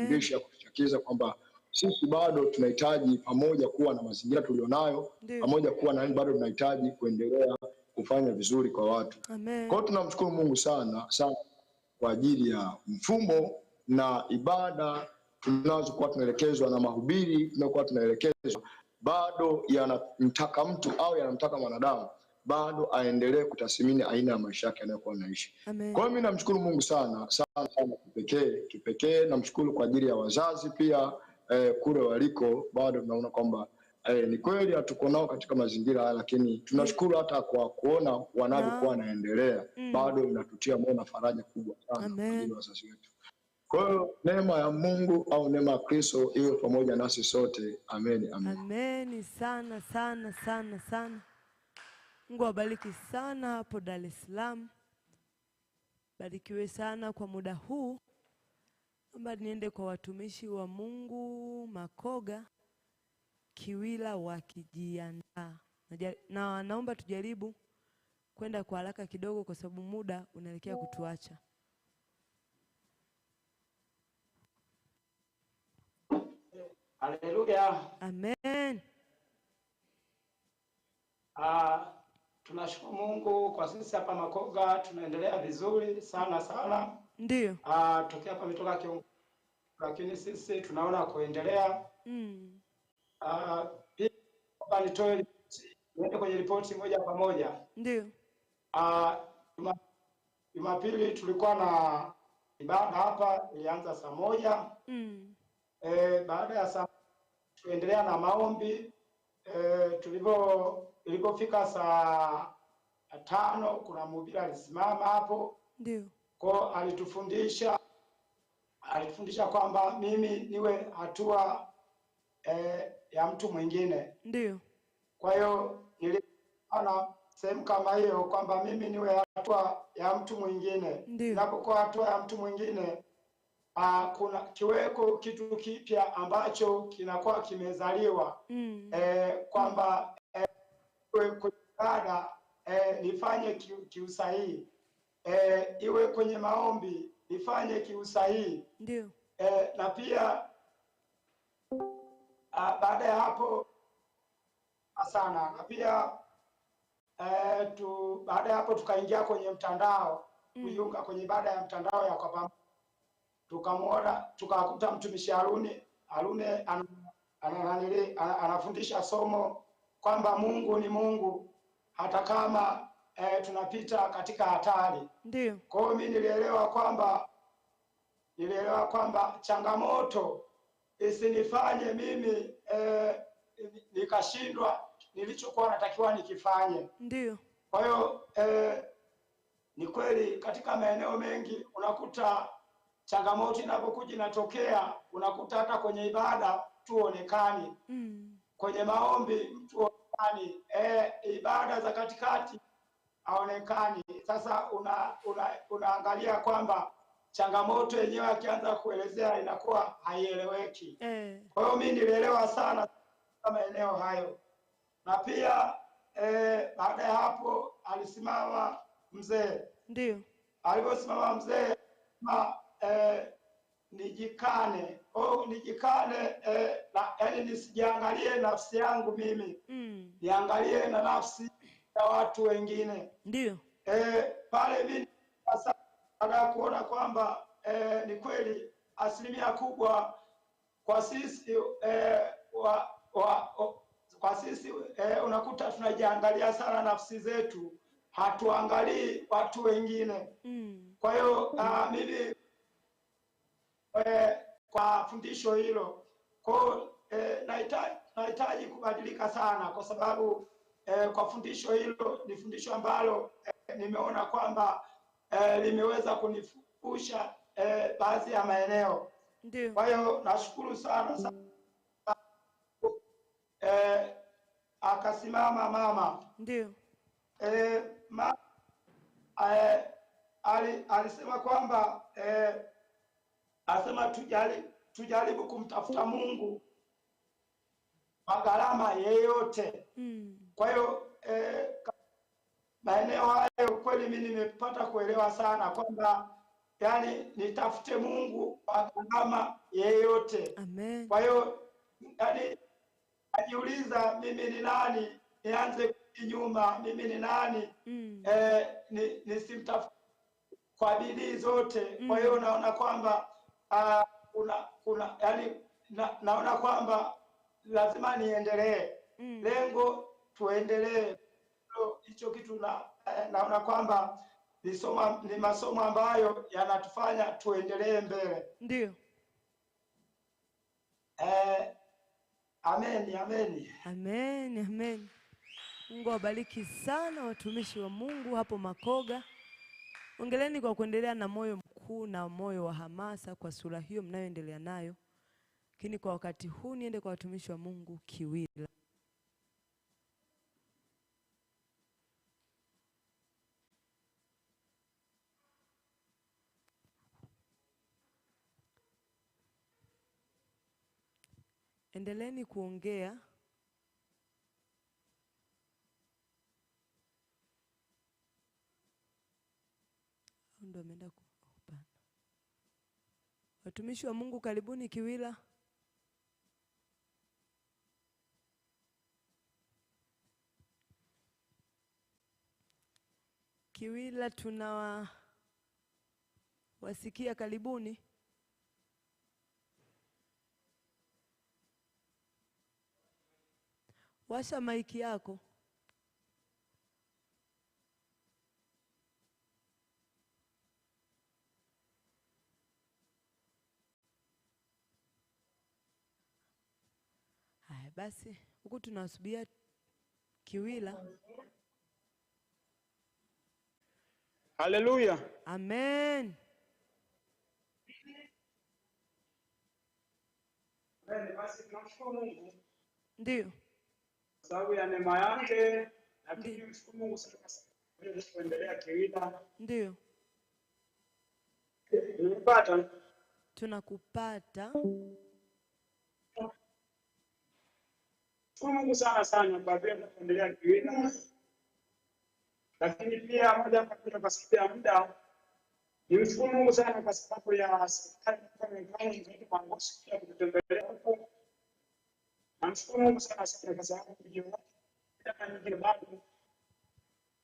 Maonyesho ya kushtukiza kwamba sisi bado tunahitaji pamoja kuwa na mazingira tulionayo, pamoja kuwa na bado tunahitaji kuendelea kufanya vizuri kwa watu. Amen. Kwa hiyo tunamshukuru Mungu sana sana kwa ajili ya mfumo na ibada tunazokuwa tunaelekezwa na mahubiri tunaokuwa tunaelekezwa, bado yanamtaka mtu au yanamtaka mwanadamu bado aendelee kutathmini aina ya maisha yake anayokuwa anaishi. Kwa hiyo mimi namshukuru Mungu sana sana sana, kipekee kipekee namshukuru kwa ajili ya wazazi pia eh, kule waliko bado tunaona kwamba eh, ni kweli hatuko nao katika mazingira haya, lakini tunashukuru hata kwa kuona wanavyokuwa wanaendelea mm. bado inatutia moyo na faraja kubwa sana kwa ajili ya wazazi wetu. Kwa hiyo neema ya Mungu au neema ya Kristo iwe pamoja nasi sote. Amen, amen. Amen sana sana sana sana. Mungu awabariki sana hapo Dar es Salaam. Barikiwe sana kwa muda huu. Naomba niende kwa watumishi wa Mungu Makoga Kiwila wakijiandaa, na naomba tujaribu kwenda kwa haraka kidogo, kwa sababu muda unaelekea kutuacha. Haleluya. Amen. Ah. Tunashukuru Mungu kwa sisi hapa Makoga tunaendelea vizuri sana sana. Ndio. Ah, tokea hapa mitoka kiongozi, lakini sisi tunaona kuendelea. Mm. Ah, pia nitoe niende kwenye ripoti moja moja. Ndio. Ah, Jumapili tulikuwa na ibada hapa ilianza saa moja. Mm. Eh, baada ya saa tuendelea na maombi eh, tulivyo ilipofika saa tano kuna mhubiri alisimama hapo, ndio kwa alitufundisha alitufundisha kwamba mimi niwe hatua eh, ya mtu mwingine. Ndio kwa hiyo niliona sehemu kama hiyo kwamba mimi niwe hatua ya mtu mwingine. Napokuwa hatua ya mtu mwingine Uh, kuna kiweko kitu kipya ambacho kinakuwa kimezaliwa mm. Eh, kwamba kwenye ibada eh, nifanye kiusahihi eh, iwe kwenye maombi nifanye kiusahihi ndio eh, na pia ah, baada ya hapo sana na pia eh, tu, baada ya hapo tukaingia kwenye mtandao mm. kwenye ibada ya mtandao ya kwa pamoja tukamwona tukakuta mtumishi Harune arune ana, anafundisha somo kwamba Mungu ni Mungu hata kama eh, tunapita katika hatari. Ndio. Kwa hiyo mimi nilielewa kwamba nilielewa kwamba changamoto isinifanye mimi eh, nikashindwa nilichokuwa natakiwa nikifanye. Ndio. Kwa hiyo eh, ni kweli katika maeneo mengi unakuta changamoto inapokuja inatokea, unakuta hata kwenye ibada tuonekani onekani mm. kwenye maombi mtu haonekani eh, ibada za katikati haonekani. Sasa una, una, unaangalia kwamba changamoto yenyewe akianza kuelezea inakuwa haieleweki. Eh. Kwa hiyo mimi nilielewa sana maeneo hayo, na pia eh, baada ya hapo alisimama mzee, ndio alivyosimama mzee ma, eh, nijikane oh, nijikane eh, yani nisijiangalie nafsi yangu mimi mm. niangalie na nafsi ya watu wengine ndio eh, pale mimi sasa kuona kwamba eh, ni kweli asilimia kubwa kwa sisi eh, wa, wa, o, kwa sisi eh, unakuta tunajiangalia sana nafsi zetu hatuangalii watu wengine mm. kwa hiyo mm. mimi eh, kwa fundisho hilo kwa eh, nahitaji nahitaji kubadilika sana kwa sababu eh, kwa fundisho hilo ni fundisho ambalo eh, nimeona kwamba eh, limeweza kunifusha eh, baadhi ya maeneo. Ndio. Kwa hiyo nashukuru sana sana eh, akasimama mama. Ndio. Eh, ma, eh, ali, alisema kwamba eh, Asema tujaribu, tujaribu kumtafuta Mungu kwa gharama yeyote. Mm. Kwa hiyo eh, maeneo hayo kweli mimi nimepata kuelewa sana kwamba yani nitafute Mungu kwa gharama yeyote. Amen. Kwa hiyo yani najiuliza mimi ni nani nianze nyuma, mimi ni nani? Mm. Eh, nisimtafute ni kwa bidii zote. Mm. Kwa hiyo naona kwamba Ah, kuna kuna yani na, naona kwamba lazima niendelee mm. lengo tuendelee hicho kitu na eh, naona kwamba ni, soma, ni masomo ambayo yanatufanya tuendelee mbele ndio eh, ameni ameni ameni ameni mungu awabariki sana watumishi wa mungu hapo makoga ongeleni kwa kuendelea na moyo huu na moyo wa hamasa kwa sura hiyo mnayoendelea nayo, lakini kwa wakati huu niende kwa watumishi wa Mungu Kiwila. Endeleeni kuongea. Ndio ameenda ku Watumishi wa Mungu karibuni Kiwila. Kiwila wasikia karibuni. Washa maiki yako. basi huku tunasubia Kiwila. Haleluya, amen. Basi tunamshukuru Mungu ndio sababu ya neema yake, lakini mshukuru Mungu kuendelea Kiwila. Ndio tunakupata Tunamshukuru Mungu sana sana kwa vile tunaendelea kiwina, lakini pia moja kwa moja kwa sababu ya muda, nimshukuru Mungu sana kwa sababu ya serikali ya kututembelea huku. Namshukuru Mungu sana sana kwa sababu nyingine bado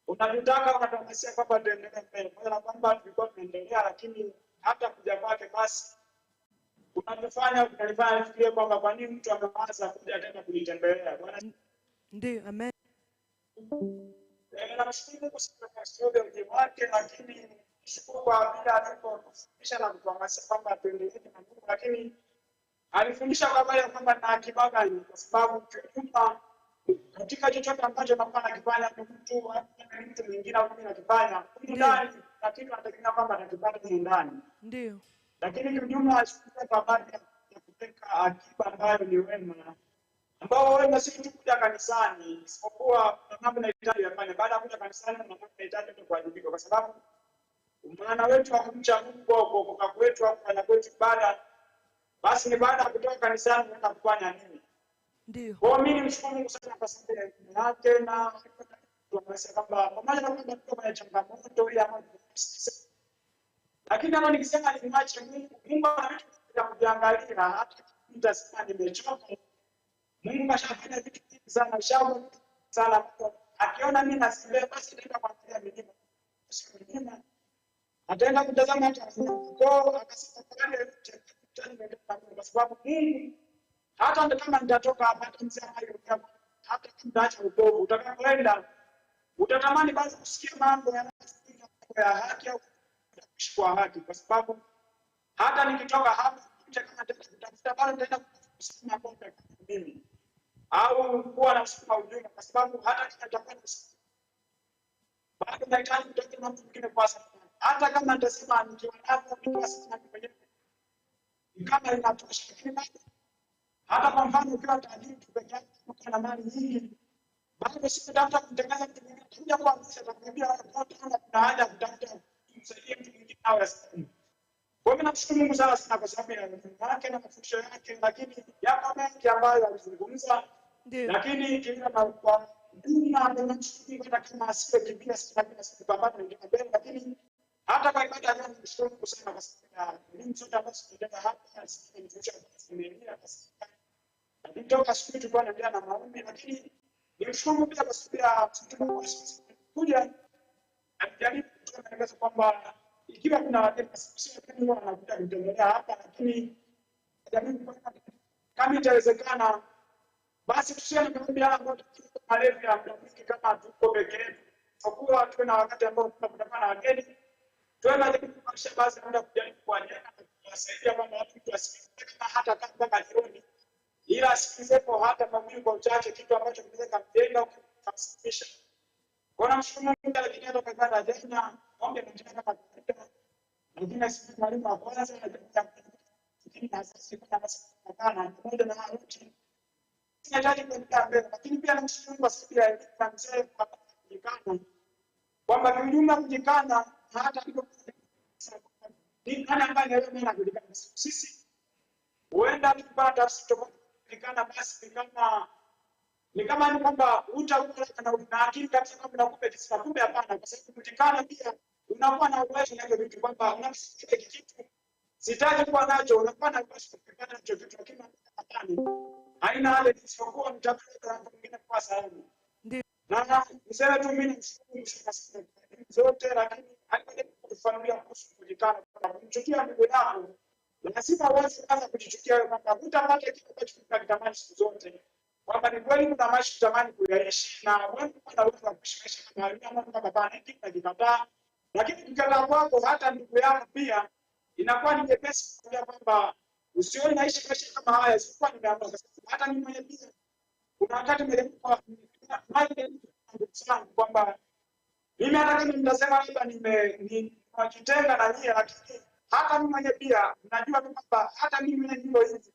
unajutaka ukatakasia kwamba tuendelee mbele, kwa kwamba tulikuwa tunaendelea, lakini hata kuja kwake basi unachofanya utalifanya fikirie kwamba kwa nini mtu amewaza kuja tena kunitembelea Bwana. Ndio, amen. Eh, Namshukuru Mungu sana kwa sababu ya ujio wake, lakini shukuru kwa vile alivyofundisha na kutuhamasisha kwamba tuendelee na Mungu, lakini alifundisha kwamba ya kwamba na akibaga ni kwa sababu kiumba katika chochote ambacho nakuwa nakifanya mtu mtu mwingine au mimi nakifanya humu ndani, lakini anategemea kwamba nakifanya ndani ndio lakini kiujumla, asante kwa baadhi ya kuweka akiba ambayo ni wema, ambao wema si tu kuja kanisani, isipokuwa kuna mambo nahitaji yafanya baada ya kuja kanisani, kuna mambo nahitaji tu kuwajibika, kwa sababu maana wetu wa kumcha Mungu kwa kuokoka kwetu au kufanya kwetu ibada, basi ni baada ya kutoka kanisani unaenda kufanya nini? Ndio kwa Mimi mshukuru Mungu sana kwa sababu ya neema yake, tunasema kwamba pamoja na kwamba tuko kwenye changamoto ile ambayo lakini kama nikisema nimwache Mungu, Mungu ana kujiangalia, vya kuviangalia, hata mtasema nimechoka. Mungu ashafanya vitu vingi sana, ushauri sana. Akiona mimi nasembea, basi nenda naenda kuangalia milima, milima ataenda kutazama hata kwa, akasema kwa nini kwani kwa sababu Mungu hata ndio kama nitatoka hapa, hata hayo, kama hata kimtaacha utovu, utakapoenda utatamani basi kusikia mambo ya haki au kwa haki, kwa sababu hata nikitoka hapa nitafuta bado nitaenda kusukuma konta mimi au kuwa na msukuma ujumbe, kwa sababu hata nitakuwa bado nahitaji kutoka na mtu mwingine kwa sababu hata kama nitasema nikiwa hapo nikiwa sina mwenyewe kama inatosha, lakini bado hata kwa mfano ukiwa tajiri tu peke yako na mali nyingi bado sikutafuta kumtengeneza mtu kwa kuja kuanzisha takwambia kuna haja kutafuta kumsaidia mtu mwingine awe astahili. Kwa mimi namshukuru Mungu sana sana kwa sababu ya neno lake na mafundisho yake, lakini yako mengi ambayo alizungumza, lakini kile na kwa dunia tunamshukuru hata kama asipokimbia sana kuna kupambana na ndio mbele, lakini hata kwa ibada leo namshukuru Mungu sana kwa sababu ya elimu zote ambazo tunajenga hapa, na asikie mfundisho kwa sababu ndio kwa siku tulikuwa tunaendelea na maombi, lakini nimshukuru pia kwa sababu ya kuja alijaribu kutoa kwamba ikiwa kuna wageni anakuja kutembelea hapa, lakini kama itawezekana, basi tusiwe na maombi marefu ya muda mwingi kama tuko peke yetu, kwa tuwe na wakati ambao kutakuwa na wageni, tuwe na kuhakikisha basi muda kujaribu kuwajenga na kuwasaidia kwamba watu mtu asikize kama hata kama mpaka jioni, ila asikize hata mawili kwa uchache, kitu ambacho kinaweza kumjenga ukamsifisha Namshukuru Mungu alikinyata kwa kada tena. Ombe mtaka kwa kada. Mwingine sisi mwalimu wa kwanza na kwa na sisi kuna masikana pamoja na haruti. Sina tatizo kwa mbele lakini pia namshukuru Mungu siku ya kwa mzee kwa kujikana. Kwamba ni ujumla kujikana hata ndipo ni kana ambaye leo mimi najulikana sisi. Huenda tupata tutakuwa kujikana basi kama ni kama ni kwamba utakuwa na una akili kabisa kama na kumbe kisa kumbe, hapana, kwa sababu kutikana pia unakuwa na uwezo na kitu kwamba unakisikia kitu sitaki kuwa nacho, unakuwa na uwezo kupata nacho kitu, lakini hapana, haina hali isipokuwa mtakatifu na mwingine kwa sababu Ndio na niseme tu mimi nishukuru sana zote, lakini haina kufanulia kuhusu kutikana, kwa sababu mchukia ndugu yako, na sasa uweze kuanza kujichukia wewe kwamba hutapata kitu ambacho unakitamani siku zote kwamba ni kweli kuna maisha tamani kuyaishi na watu wanaweza kuishi maisha kama hayo, ama kama baba anatiki najikataa, lakini mkataa kwako hata ndugu yangu pia inakuwa ni nyepesi kuambia kwamba usioni naishi maisha kama haya, sikuwa nimeamua. Hata mimi mwenyewe pia kuna wakati nilikuwa maji sana kwamba mimi hata kama mtasema labda nimewajitenga na nyie, lakini hata mimi mwenyewe pia najua kwamba hata mimi mwenyewe ndio hivi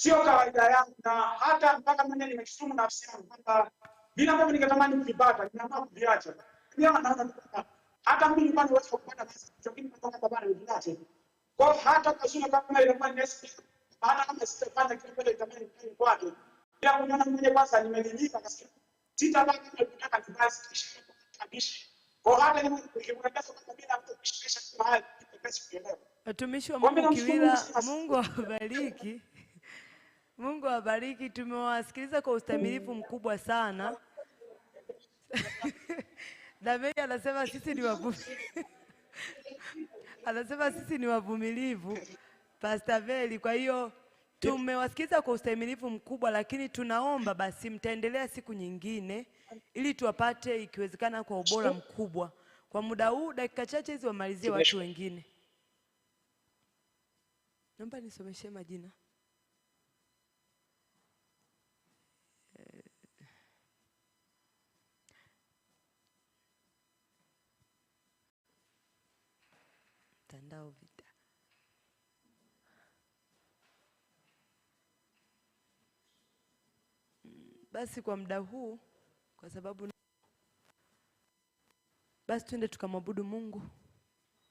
Sio kawaida yangu, na hata mpaka mwenye nimekisumu nafsi yangu kwamba vile ambavyo ningetamani kuvipata ninaamua kuviacha. Pia naona hata mimi nilikuwa huwezi kupata pesa, lakini kutoka kwa bana niviache. Kwa hiyo hata kwa shule kama ile kwa nesi, hata kama sitafanya kile kile itamani kile kwake. Pia unaona mwenye kwanza nimelilipa kasi. Sitabaki nikitaka kibasi kisha kabishi. Kwa hiyo hata nimekiona pesa kwa mimi na kushikisha kwa hali kwa pesa kielewa. Watumishi wa Mungu Kiwila, Mungu awabariki. Mungu awabariki. Tumewasikiliza kwa ustahimilivu mkubwa sana. Damei anasema sisi ni wavumilivu. anasema sisi ni wavumilivu Pastor Veli. Kwa hiyo tumewasikiliza kwa ustahimilivu mkubwa, lakini tunaomba basi mtaendelea siku nyingine ili tuwapate ikiwezekana kwa ubora mkubwa. Kwa muda huu dakika chache hizi wamalizie watu wengine. Naomba nisomeshe majina. mtandao vita. Basi kwa muda huu, kwa sababu basi twende tukamwabudu Mungu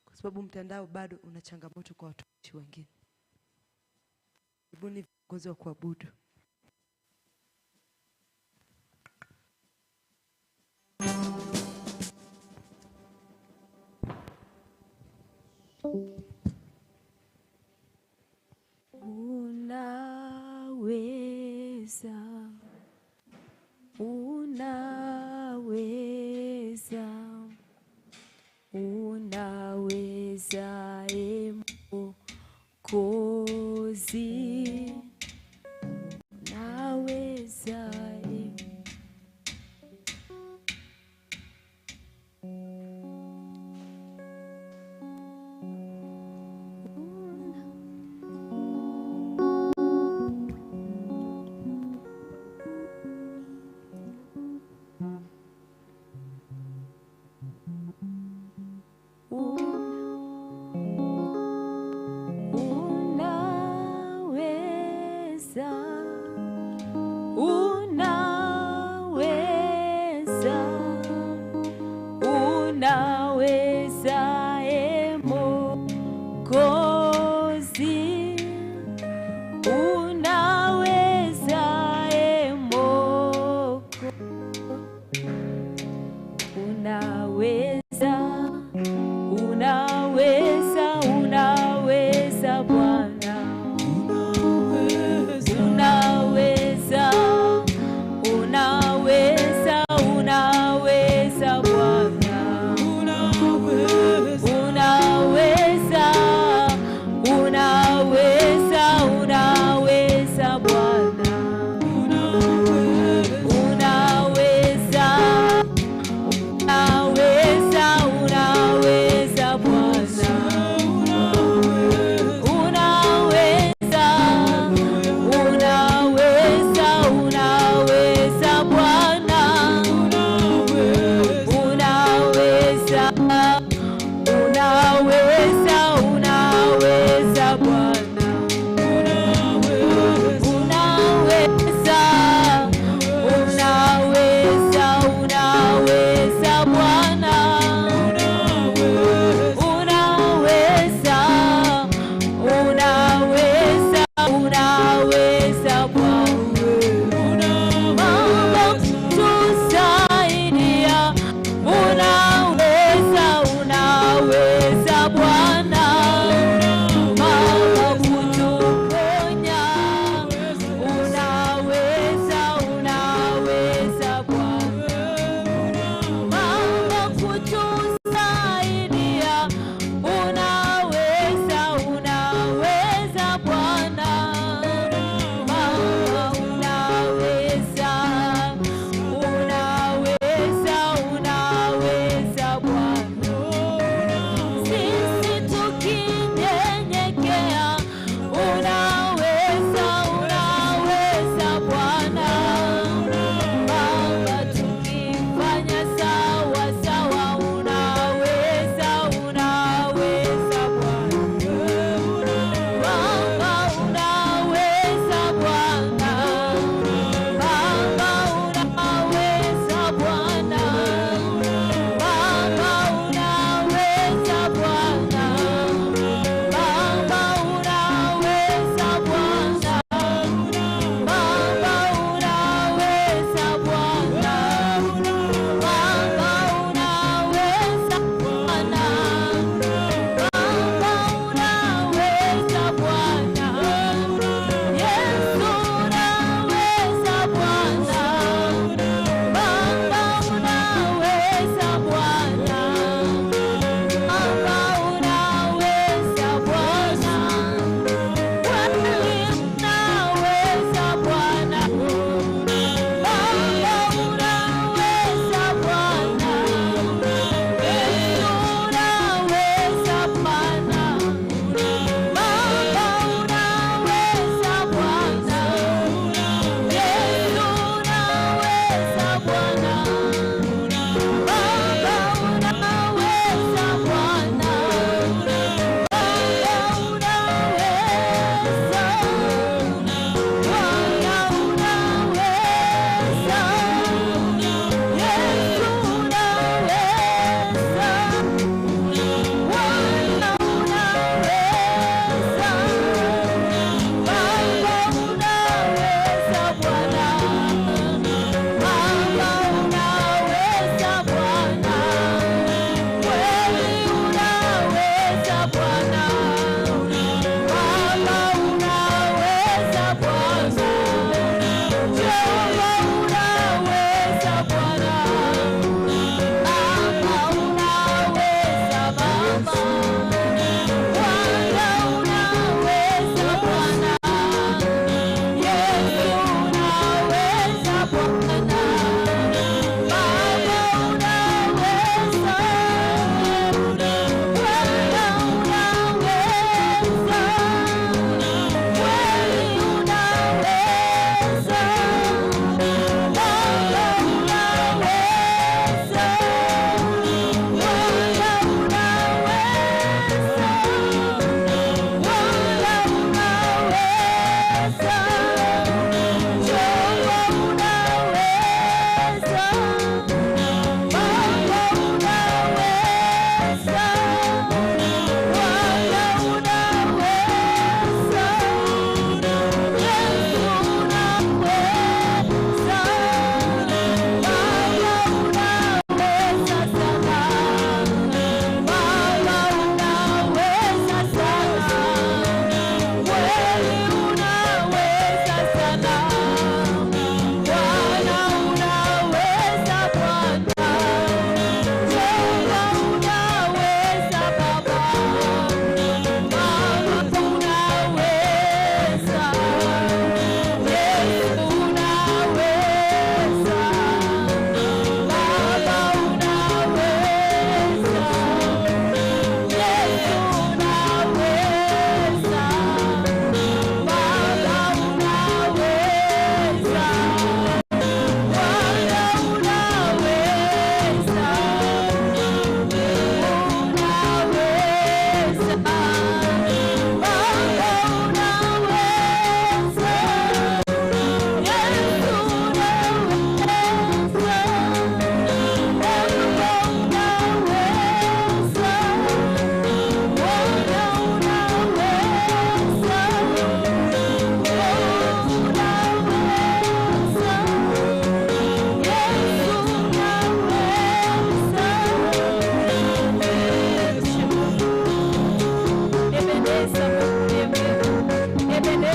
kwa sababu mtandao bado una changamoto kwa watumishi wengine. Karibuni viongozi wa kuabudu.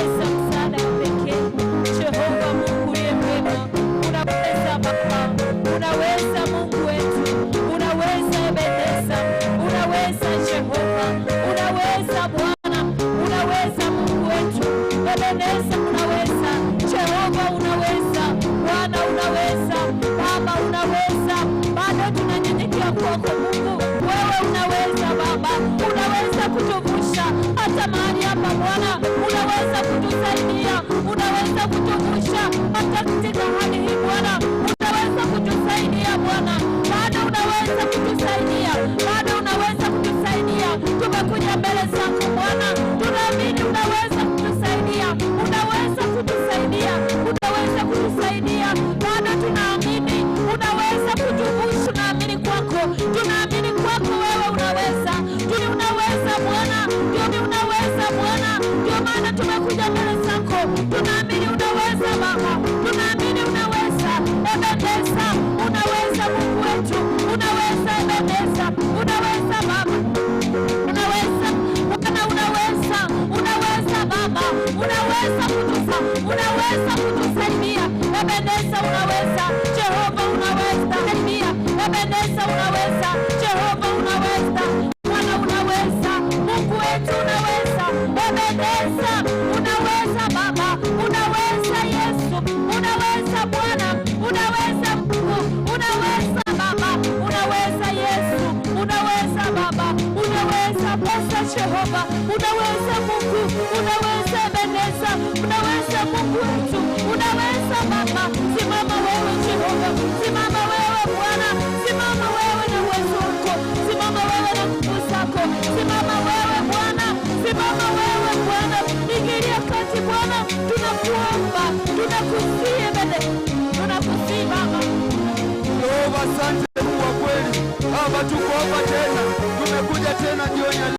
listen.